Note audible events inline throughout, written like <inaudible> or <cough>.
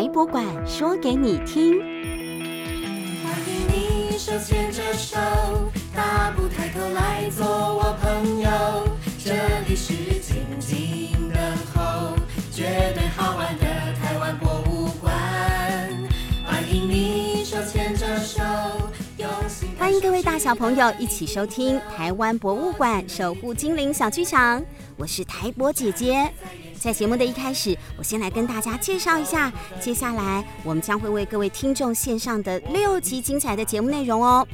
台博館說給你聽。歡迎你手牽着手，大步抬頭來做我朋友。這裡是靜靜等候絕對好玩的台灣博物館。歡迎你手牽着手，手歡迎各位大小朋友一起收聽台灣博物館守護精靈小劇場。我是台博姐姐。在節目的一開始，我先來跟大家介紹一下，接下來我們將會為各位聽眾獻上的六集精彩的節目內容哦。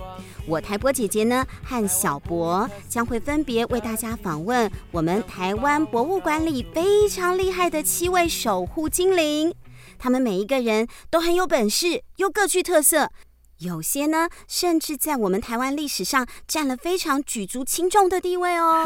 我台博姐姐呢和小博將會分別為大家訪問我們台灣博物館裡非常厲害的七位守護精靈，他們每一個人都很有本事，又各具特色，有些呢甚至在我們台灣歷史上占了非常舉足輕重的地位哦。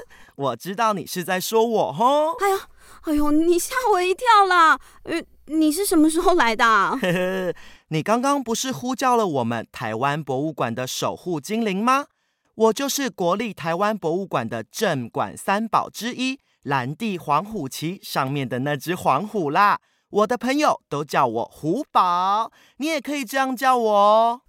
<laughs> 我知道你是在說我吼，哎哎呦，你嚇我一跳啦！呃，你是什麼時候來的啊？ <laughs> 你剛剛不是呼叫了我們台灣博物館的守護精靈嗎？我就是國立台灣博物館的鎮館三寶之一——藍地黃虎旗上面的那隻黃虎啦。我的朋友都叫我虎寶，你也可以這樣叫我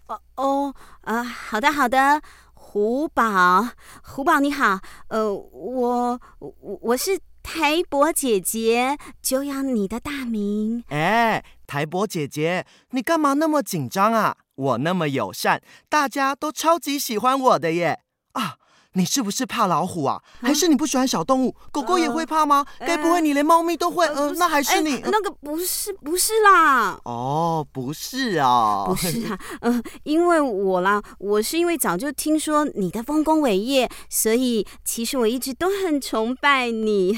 哦。哦啊，呃，好的好的，虎寶，虎寶你好。呃，我我，我是。臺博姊姊，久仰你的大名。哎，臺博姊姊，你幹嘛那麼緊張啊？我那麼友善，大家都超級喜歡我的耶！啊。你是不是怕老虎啊？還是你不喜歡小動物？啊、狗狗也會怕嗎、呃？該不會你連貓咪都會？嗯、呃呃，那還是你、欸、那個不是不是啦。哦，不是啊，不是啊，嗯、呃，因為我啦，我是因為早就聽說你的豐功偉業，所以其實我一直都很崇拜你。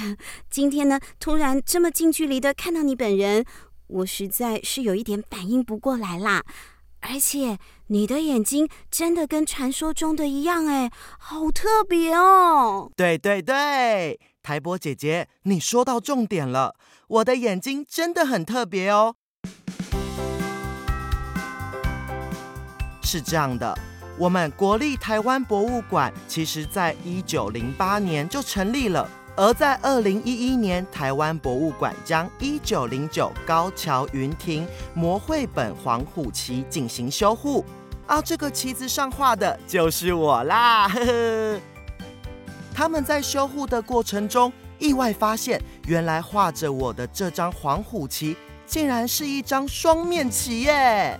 今天呢，突然這麼近距離的看到你本人，我實在是有一點反應不過來啦。而且你的眼睛真的跟傳說中的一樣，哎，好特別哦！對對對，臺博姐姐，你說到重點了，我的眼睛真的很特別哦。是這樣的，我們國立台灣博物館，其實在一九零八年就成立了。而在二零一一年，台灣博物館將一九零九高橋雲亭摹繪本黃虎旗進行修護，而、啊、這個旗子上畫的就是我啦！呵呵，他們在修護的過程中，意外發現，原來畫着我的這張黃虎旗，竟然是一張雙面旗耶！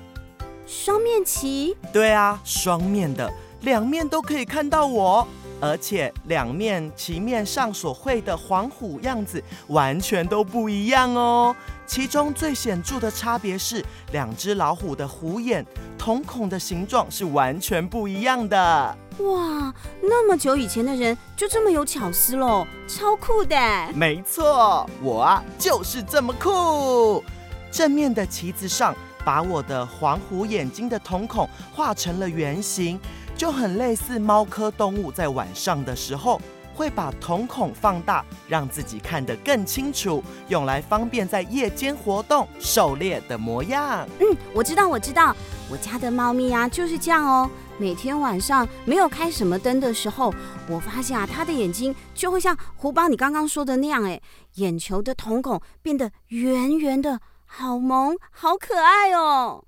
雙面旗？對啊，雙面的，兩面都可以看到我。而且兩面旗面上所繪的黃虎樣子完全都不一樣哦。其中最顯著的差別是，兩隻老虎的虎眼瞳孔的形狀是完全不一樣的。哇，那麼久以前的人就這麼有巧思嘍，超酷的！沒錯，我啊就是這麼酷。正面的旗子上，把我的黃虎眼睛的瞳孔畫成了圓形。就很類似貓科動物在晚上的時候會把瞳孔放大，讓自己看得更清楚，用來方便在夜間活動、狩獵的模樣。嗯，我知道，我知道，我家的貓咪啊就是這樣哦。每天晚上沒有開什麼燈的時候，我發現啊，它的眼睛就會像虎寶你剛剛說的那樣，哎，眼球的瞳孔變得圓圓的，好萌，好可愛哦。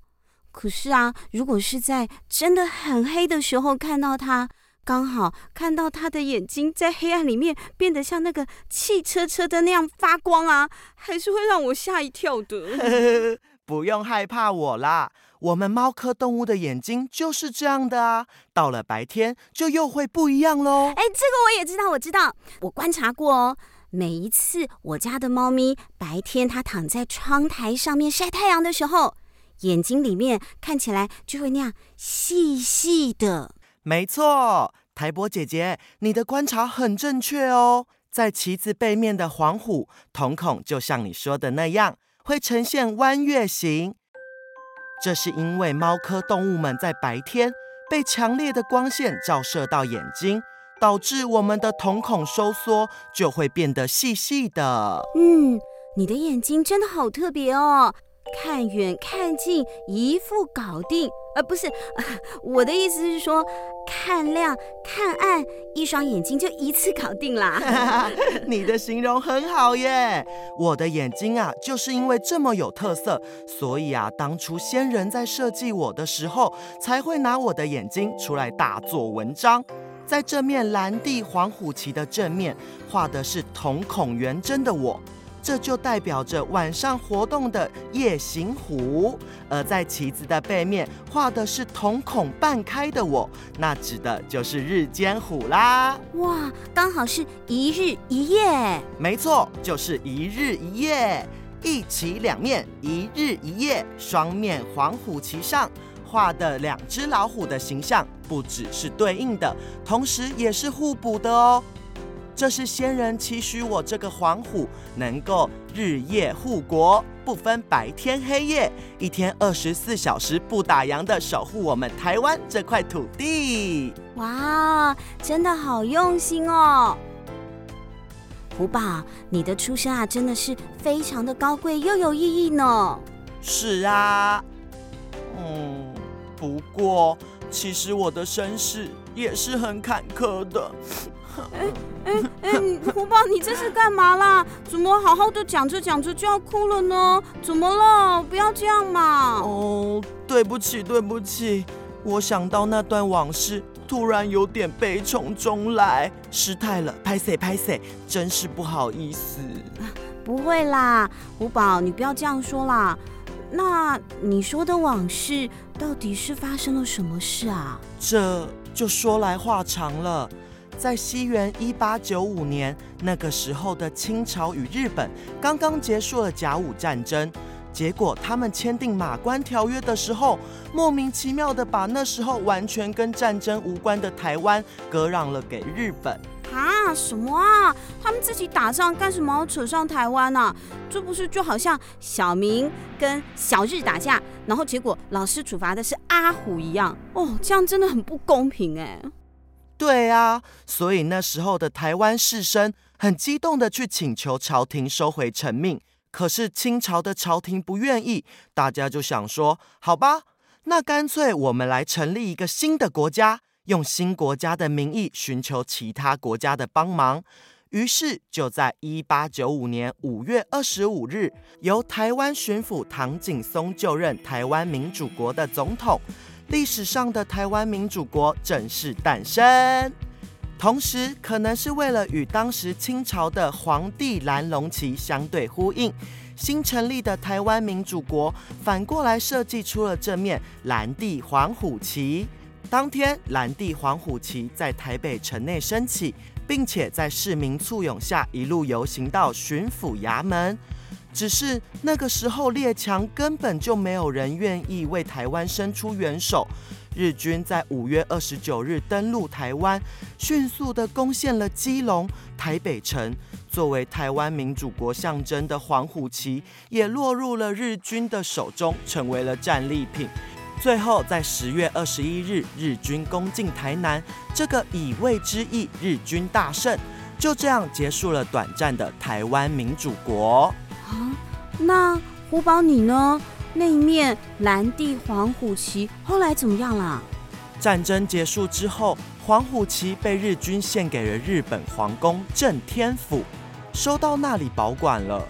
可是啊，如果是在真的很黑的時候看到它，剛好看到它的眼睛在黑暗裡面變得像那個汽車車燈那樣發光啊，還是會讓我嚇一跳的。呵呵，不用害怕我啦，我們貓科動物的眼睛就是這樣的啊。到了白天就又會不一樣嘍。哎，這個我也知道，我知道，我觀察過哦。每一次我家的貓咪白天它躺在窗台上面曬太陽的時候。眼睛裡面看起來就會那樣細細的。沒錯，台博姐姐，你的觀察很正確哦。在旗子背面的黃虎瞳孔，就像你說的那樣，會呈現彎月形。這是因為貓科動物們在白天被強烈的光線照射到眼睛，導致我們的瞳孔收縮，就會變得細細的。嗯，你的眼睛真的好特別哦。看遠看近，一副搞定。呃，不是，呃、我的意思是說，看亮看暗，一雙眼睛就一次搞定啦。 <laughs> <laughs> 你的形容很好耶，我的眼睛啊，就是因為這麼有特色，所以啊，當初仙人在設計我的時候，才會拿我的眼睛出來大做文章。在這面藍地黃虎旗的正面，畫的是瞳孔圓睜的我。這就代表着晚上活動的夜行虎，而在旗子的背面畫的是瞳孔半開的我，那指的就是日間虎啦。哇，剛好是一日一夜。沒錯，就是一日一夜。一旗兩面，一日一夜。雙面黃虎旗上畫的兩隻老虎的形象，不只是對應的，同時也是互補的哦。這是仙人期許我這個黃虎能夠日夜護國，不分白天黑夜，一天二十四小時不打烊地守護我們台灣這塊土地。哇，真的好用心哦！虎寶，你的出身啊，真的是非常的高貴又有意義呢。是啊，嗯，不過其實我的身世也是很坎坷的。哎哎哎！虎寶，你這是幹嘛啦？怎麼好好的講着講着就要哭了呢？怎麼了？不要這樣嘛！哦，對不起，對不起，我想到那段往事，突然有點悲從中來，失態了，拍謝拍謝，真是不好意思。不會啦，虎寶，你不要這樣說啦。那你說的往事，到底是發生了什麼事啊？這就說來話長了。在西元一八九五年那個時候的清朝與日本剛剛結束了甲午戰爭，結果他們簽訂馬關條約的時候，莫名其妙地把那時候完全跟戰爭無關的台灣割讓了給日本。啊？什麼啊？他們自己打仗幹什麼扯上台灣啊！這不是就好像小明跟小日打架，然後結果老師處罰的是阿虎一樣？哦，這樣真的很不公平哎。對啊，所以那時候的台灣士紳很激動地去請求朝廷收回成命，可是清朝的朝廷不願意，大家就想說，好吧，那乾脆我們來成立一個新的國家，用新國家的名義尋求其他國家的幫忙。於是就在一八九五年五月二十五日，由台灣巡撫唐景崧就任台灣民主國的總統。歷史上的台灣民主國正式誕生，同時可能是為了與當時清朝的黃底藍龍旗相對呼應，新成立的台灣民主國反過來設計出了這面藍地黃虎旗。當天，藍地黃虎旗在台北城內升起，並且在市民簇擁下一路遊行到巡撫衙門。只是那個時候，列強根本就沒有人願意為台灣伸出援手。日軍在五月二十九日登陸台灣，迅速地攻陷了基隆、台北城。作為台灣民主國象徵的黃虎旗也落入了日軍的手中，成為了戰利品。最後在十月二十一日，日軍攻進台南，這個乙未之役，日軍大勝，就這樣結束了短暫的台灣民主國。啊，那虎寶你呢？那一面藍地黃虎旗後來怎麼樣啦？啊？戰爭結束之後，黃虎旗被日軍獻給了日本皇宮振天府，收到那裡保管了。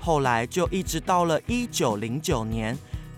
後來就一直到了一九零九年，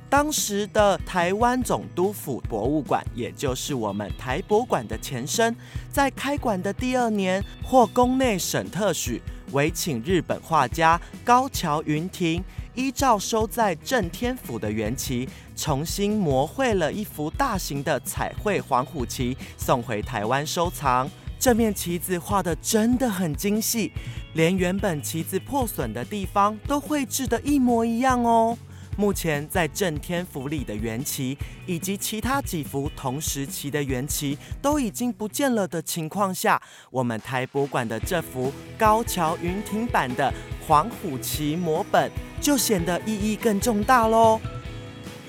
當時的台灣總督府博物館，也就是我們台博館的前身，在開館的第二年獲宮內省特許。委請日本畫家高橋雲亭依照收在正天府的原旗，重新摹繪了一幅大型的彩繪黃虎旗，送回台灣收藏。這面旗子畫得真的很精細，連原本旗子破損的地方都繪製得一模一樣哦。目前在正天府裡的原旗以及其他幾幅同時期的原旗都已經不見了的情況下，我們台博館的這幅高橋雲亭版的黃虎旗摹本就顯得意義更重大嘍。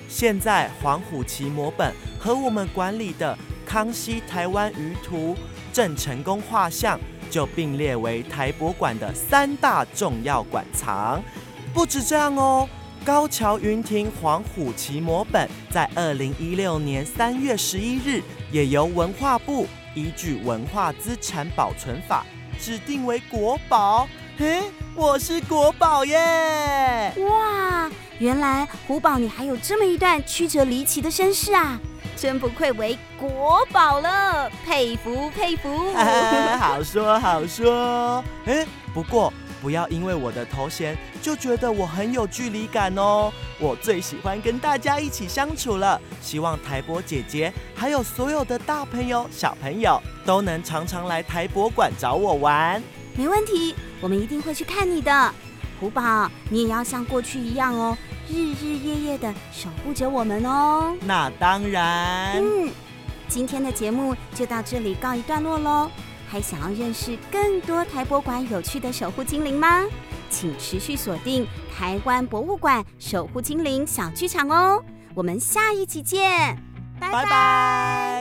現在黃虎旗摹本和我們館裡的康熙台灣輿圖、鄭成功畫像就並列為台博館的三大重要館藏。不止這樣哦。高橋雲亭黃虎旗摹本在二零一六年三月十一日，也由文化部依據《文化資產保存法》指定為國寶。嘿、欸，我是國寶耶！哇，原來虎寶你還有這麼一段曲折離奇的身世啊！真不愧為國寶了，佩服佩服。啊、好說好說、欸。不過。不要因為我的頭銜就覺得我很有距離感哦，我最喜歡跟大家一起相處了。希望台博姐姐還有所有的大朋友、小朋友都能常常來台博館找我玩。沒問題，我們一定會去看你的。虎寶，你也要像過去一樣哦，日日夜夜的守護着我們哦。那當然。嗯，今天的節目就到這裡告一段落嘍。還想要認識更多臺博館有趣的守護精靈嗎？請持續鎖定臺灣博物館守護精靈小劇場哦！我們下一期見，拜拜。拜拜。